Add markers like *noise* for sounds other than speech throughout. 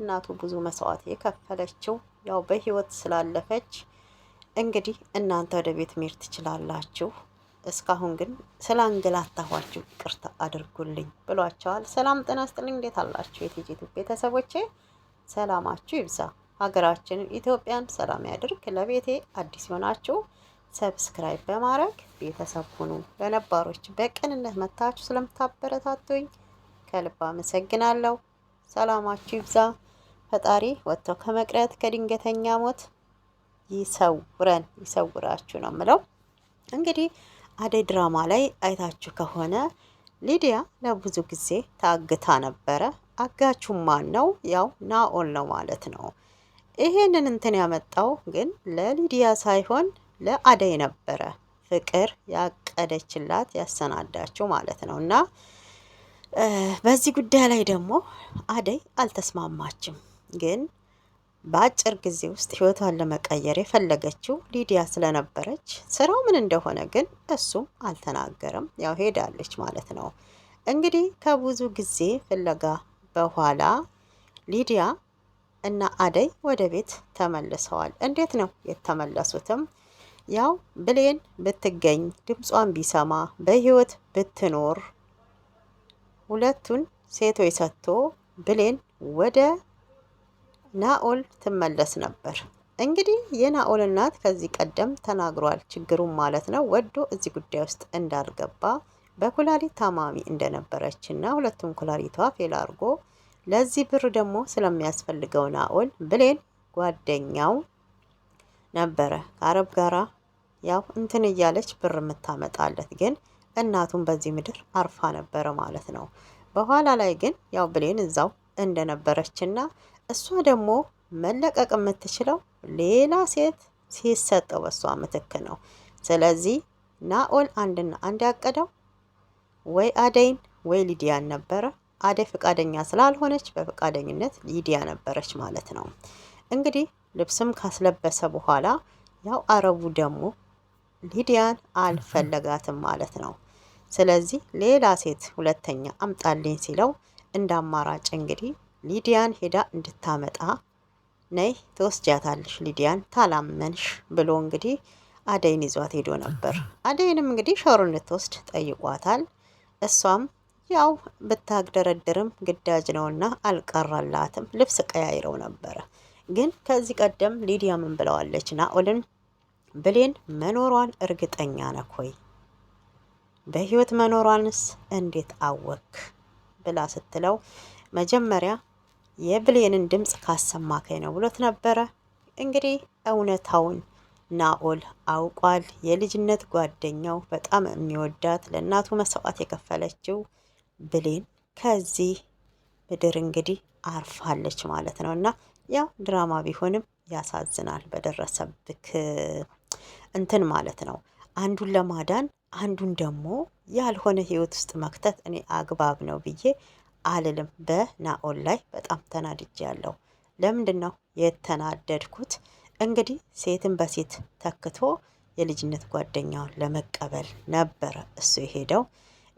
እናቱ ብዙ መስዋዕት የከፈለችው ያው በህይወት ስላለፈች እንግዲህ እናንተ ወደ ቤት መሄድ ትችላላችሁ። እስካሁን ግን ስላንገላታኋችሁ ይቅርታ አድርጉልኝ ብሏቸዋል። ሰላም ጤና ይስጥልኝ። እንዴት አላችሁ የቲጂቱ ቤተሰቦቼ? ሰላማችሁ ይብዛ። ሀገራችንን ኢትዮጵያን ሰላም ያድርግ። ለቤቴ አዲስ የሆናችሁ ሰብስክራይብ በማድረግ ቤተሰብ ሁኑ። ለነባሮች በቅንነት መታችሁ ስለምታበረታቱኝ ከልብ አመሰግናለሁ። ሰላማችሁ ይብዛ። ፈጣሪ ወጥቶ ከመቅረት ከድንገተኛ ሞት ይሰውረን ይሰውራችሁ ነው ምለው እንግዲህ አደይ ድራማ ላይ አይታችሁ ከሆነ ሊዲያ ለብዙ ጊዜ ታግታ ነበረ። አጋችሁ ማን ነው? ያው ናኦል ነው ማለት ነው። ይሄንን እንትን ያመጣው ግን ለሊዲያ ሳይሆን ለአደይ ነበረ ፍቅር ያቀደችላት ያሰናዳችው ማለት ነው እና በዚህ ጉዳይ ላይ ደግሞ አደይ አልተስማማችም። ግን በአጭር ጊዜ ውስጥ ህይወቷን ለመቀየር የፈለገችው ሊዲያ ስለነበረች ስራው ምን እንደሆነ ግን እሱም አልተናገረም። ያው ሄዳለች ማለት ነው። እንግዲህ ከብዙ ጊዜ ፍለጋ በኋላ ሊዲያ እና አደይ ወደ ቤት ተመልሰዋል። እንዴት ነው የተመለሱትም? ያው ብሌን ብትገኝ ድምጿን ቢሰማ በህይወት ብትኖር ሁለቱን ሴቶች ሰጥቶ ብሌን ወደ ናኦል ትመለስ ነበር። እንግዲህ የናኦል እናት ከዚህ ቀደም ተናግሯል። ችግሩን ማለት ነው ወዶ እዚህ ጉዳይ ውስጥ እንዳልገባ በኩላሊት ታማሚ እንደነበረች እና ሁለቱም ኩላሊቷ ፌል አድርጎ ለዚህ ብር ደግሞ ስለሚያስፈልገው ናኦል ብሌን ጓደኛው ነበረ ከአረብ ጋራ ያው እንትን እያለች ብር የምታመጣለት ግን እናቱም በዚህ ምድር አርፋ ነበረ ማለት ነው። በኋላ ላይ ግን ያው ብሌን እዛው እንደነበረችና እሷ ደግሞ መለቀቅ የምትችለው ሌላ ሴት ሲሰጠው በእሷ ምትክ ነው። ስለዚህ ናኦል አንድና አንድ ያቀደው ወይ አደይን ወይ ሊዲያን ነበረ። አደይ ፈቃደኛ ስላልሆነች በፈቃደኝነት ሊዲያ ነበረች ማለት ነው። እንግዲህ ልብስም ካስለበሰ በኋላ ያው አረቡ ደግሞ ሊዲያን አልፈለጋትም ማለት ነው። ስለዚህ ሌላ ሴት ሁለተኛ አምጣልኝ ሲለው እንደ አማራጭ እንግዲህ ሊዲያን ሄዳ እንድታመጣ ነይ ትወስጃታለሽ፣ ሊዲያን ታላመንሽ ብሎ እንግዲህ አደይን ይዟት ሄዶ ነበር። አደይንም እንግዲህ ሸሩ እንድትወስድ ጠይቋታል። እሷም ያው ብታግደረድርም ግዳጅ ነውና አልቀራላትም። ልብስ ቀያይረው ነበረ። ግን ከዚህ ቀደም ሊዲያ ምን ብለዋለች? ናኦልን ብሌን መኖሯን እርግጠኛ ነኮይ በህይወት መኖሯንስ እንዴት አወክ ብላ ስትለው መጀመሪያ የብሌንን ድምፅ ካሰማከኝ ነው ብሎት ነበረ። እንግዲህ እውነታውን ናኦል አውቋል። የልጅነት ጓደኛው በጣም የሚወዳት ለእናቱ መስዋዕት የከፈለችው ብሌን ከዚህ ምድር እንግዲህ አርፋለች ማለት ነው እና ያው ድራማ ቢሆንም ያሳዝናል። በደረሰብክ እንትን ማለት ነው አንዱን ለማዳን አንዱን ደግሞ ያልሆነ ህይወት ውስጥ መክተት እኔ አግባብ ነው ብዬ አልልም። በናኦል ላይ በጣም ተናድጄ ያለው ለምንድን ነው የተናደድኩት? እንግዲህ ሴትን በሴት ተክቶ የልጅነት ጓደኛውን ለመቀበል ነበረ እሱ የሄደው።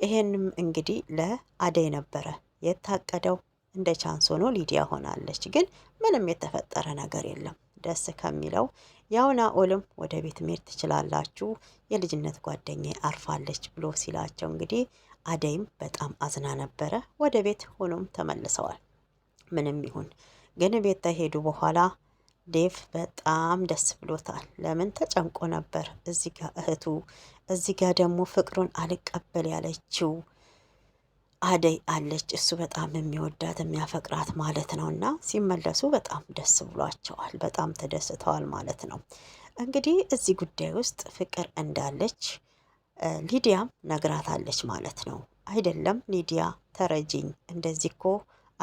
ይሄንም እንግዲህ ለአደይ ነበረ የታቀደው። እንደ ቻንስ ሆኖ ሊዲያ ሆናለች። ግን ምንም የተፈጠረ ነገር የለም። ደስ ከሚለው ያው ናኦልም ወደ ቤት መሄድ ትችላላችሁ፣ የልጅነት ጓደኛ አርፋለች ብሎ ሲላቸው እንግዲህ አደይም በጣም አዝና ነበረ። ወደ ቤት ሆኖም ተመልሰዋል። ምንም ይሁን ግን ቤት ከሄዱ በኋላ ዴቭ በጣም ደስ ብሎታል። ለምን ተጨንቆ ነበር። እዚህ እህቱ፣ እዚህ ጋ ደግሞ ፍቅሩን አልቀበል ያለችው አደይ አለች እሱ በጣም የሚወዳት የሚያፈቅራት ማለት ነው። እና ሲመለሱ በጣም ደስ ብሏቸዋል፣ በጣም ተደስተዋል ማለት ነው። እንግዲህ እዚህ ጉዳይ ውስጥ ፍቅር እንዳለች ሊዲያም ነግራታለች ማለት ነው። አይደለም ሊዲያ ተረጅኝ፣ እንደዚህ እኮ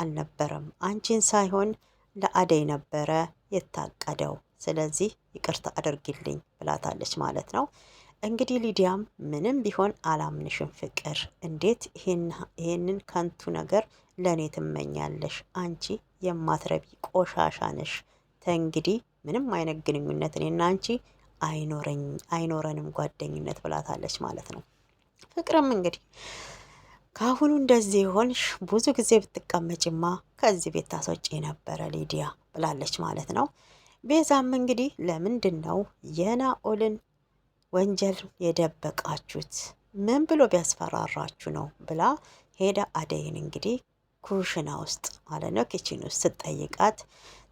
አልነበረም፣ አንቺን ሳይሆን ለአደይ ነበረ የታቀደው፣ ስለዚህ ይቅርታ አድርግልኝ ብላታለች ማለት ነው። እንግዲህ ሊዲያም ምንም ቢሆን አላምንሽም ፍቅር፣ እንዴት ይህንን ከንቱ ነገር ለእኔ ትመኛለሽ? አንቺ የማትረቢ ቆሻሻ ነሽ። ተእንግዲህ ምንም አይነት ግንኙነት እኔና አንቺ አይኖረኝ አይኖረንም ጓደኝነት ብላታለች ማለት ነው። ፍቅርም እንግዲህ ከአሁኑ እንደዚህ የሆንሽ ብዙ ጊዜ ብትቀመጭማ ከዚህ ቤት ታስወጪ ነበረ ሊዲያ ብላለች ማለት ነው። ቤዛም እንግዲህ ለምንድን ነው የናኦልን ወንጀል የደበቃችሁት ምን ብሎ ቢያስፈራራችሁ ነው ብላ ሄዳ አደይን እንግዲህ ኩሽና ውስጥ ማለት ነው ኪችን ውስጥ ስትጠይቃት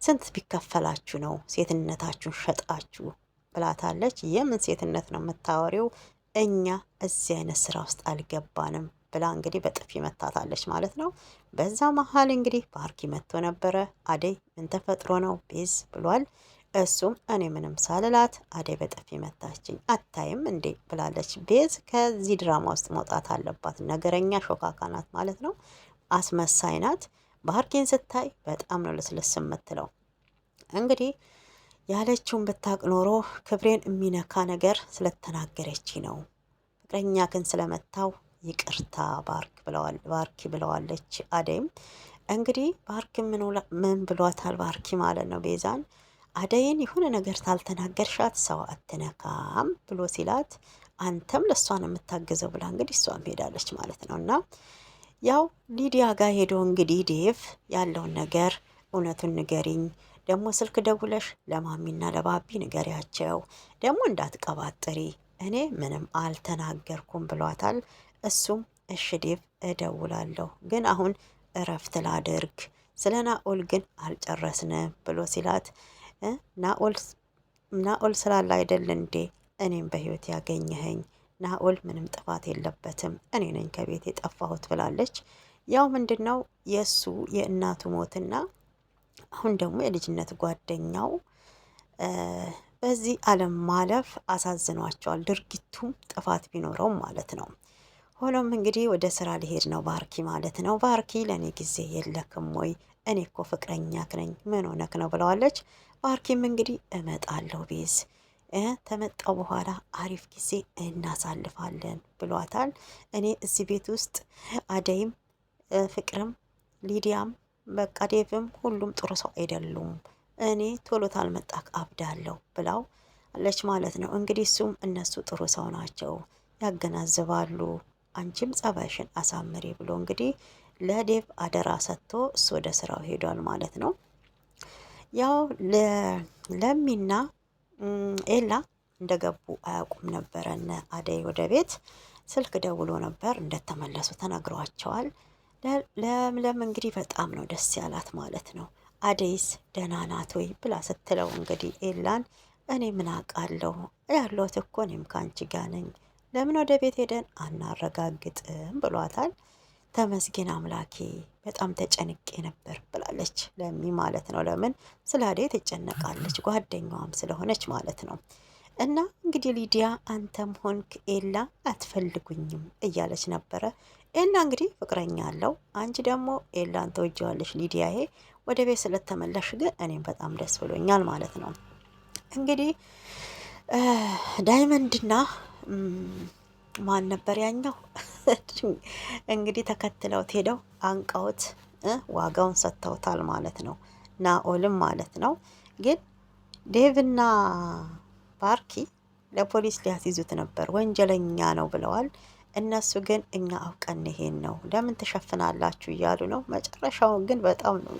ስንት ቢከፈላችሁ ነው ሴትነታችሁን ሸጣችሁ ብላታለች። የምን ሴትነት ነው የምታወሪው? እኛ እዚህ አይነት ስራ ውስጥ አልገባንም ብላ እንግዲህ በጥፊ መታታለች ማለት ነው። በዛ መሀል እንግዲህ ባርኪ መጥቶ ነበረ። አደይ ምን ተፈጥሮ ነው ቤዝ ብሏል። እሱም እኔ ምንም ሳልላት አደይ በጥፊ መታችኝ፣ አታይም እንዴ ብላለች። ቤዝ ከዚህ ድራማ ውስጥ መውጣት አለባት። ነገረኛ ሾካካ ናት ማለት ነው። አስመሳይ ናት። ባህርጌን ስታይ በጣም ነው ልስልስ የምትለው። እንግዲህ ያለችውን ብታቅ ኖሮ ክብሬን የሚነካ ነገር ስለተናገረች ነው ፍቅረኛ ክን ስለመታው ይቅርታ ባርክ ብለዋል ባርኪ ብለዋለች። አደይም እንግዲህ ባርክ ምን ብሏታል? ባርኪ ማለት ነው ቤዛን አደይን የሆነ ነገር ታልተናገርሻት ሰው አትነካም ብሎ ሲላት አንተም ለእሷን የምታግዘው ብላ እንግዲህ እሷም ሄዳለች ማለት ነው። እና ያው ሊዲያ ጋር ሄዶ እንግዲህ ዴቭ ያለውን ነገር እውነቱን ንገሪኝ፣ ደግሞ ስልክ ደውለሽ ለማሚና ለባቢ ንገሪያቸው፣ ደግሞ እንዳትቀባጥሪ፣ እኔ ምንም አልተናገርኩም ብሏታል። እሱም እሽ ዴቭ እደውላለሁ፣ ግን አሁን እረፍት ላድርግ፣ ስለ ናኦል ግን አልጨረስንም ብሎ ሲላት ናኦል ስላለ አይደል እንዴ እኔም በህይወት ያገኘኸኝ? ናኦል ምንም ጥፋት የለበትም እኔ ነኝ ከቤት የጠፋሁት ብላለች። ያው ምንድን ነው የእሱ የእናቱ ሞትና አሁን ደግሞ የልጅነት ጓደኛው በዚህ ዓለም ማለፍ አሳዝኗቸዋል። ድርጊቱም ጥፋት ቢኖረውም ማለት ነው። ሆኖም እንግዲህ ወደ ስራ ሊሄድ ነው ባርኪ ማለት ነው። ባርኪ ለእኔ ጊዜ የለክም ወይ እኔ እኮ ፍቅረኛ ክነኝ ምን ሆነክ ነው ብለዋለች። ባርኪም እንግዲህ እመጣለሁ ቤዝ ተመጣው በኋላ አሪፍ ጊዜ እናሳልፋለን ብሏታል። እኔ እዚህ ቤት ውስጥ አደይም ፍቅርም ሊዲያም በቃ ዴቭም ሁሉም ጥሩ ሰው አይደሉም። እኔ ቶሎ ታልመጣክ አብዳለሁ ብላው አለች ማለት ነው። እንግዲህ እሱም እነሱ ጥሩ ሰው ናቸው ያገናዝባሉ፣ አንቺም ጸባይሽን አሳምሬ ብሎ እንግዲህ ለዴቭ አደራ ሰጥቶ እሱ ወደ ስራው ሄዷል ማለት ነው። ያው ለሚና ኤላ እንደገቡ አያውቁም ነበረ። እነ አደይ ወደ ቤት ስልክ ደውሎ ነበር እንደተመለሱ ተነግሯቸዋል። ለምለም እንግዲህ በጣም ነው ደስ ያላት ማለት ነው። አደይስ ደህና ናት ወይ ብላ ስትለው እንግዲህ ኤላን እኔ ምን አውቃለሁ ያለሁት እኮ እኔም ከአንቺ ጋር ነኝ፣ ለምን ወደ ቤት ሄደን አናረጋግጥም ብሏታል። ተመስገን አምላኬ በጣም ተጨንቄ ነበር ብላለች። ለሚ ማለት ነው። ለምን ስለ አደይ ተጨነቃለች፣ ጓደኛዋም ስለሆነች ማለት ነው። እና እንግዲህ ሊዲያ አንተም ሆንክ ኤላ አትፈልጉኝም እያለች ነበረ። ኤላ እንግዲህ ፍቅረኛ አለው፣ አንቺ ደግሞ ኤላን ተወጀዋለች። ሊዲያ ይሄ ወደ ቤት ስለተመለሽ ግን እኔም በጣም ደስ ብሎኛል ማለት ነው። እንግዲህ ዳይመንድና ማን ነበር ያኛው *laughs* እንግዲህ ተከትለውት ሄደው አንቃውት ዋጋውን ሰጥተውታል ማለት ነው። ናኦልም ማለት ነው። ግን ዴቭና ባርኪ ለፖሊስ ሊያስይዙት ነበር፣ ወንጀለኛ ነው ብለዋል። እነሱ ግን እኛ አውቀን ይሄን ነው ለምን ትሸፍናላችሁ እያሉ ነው። መጨረሻውን ግን በጣም ነው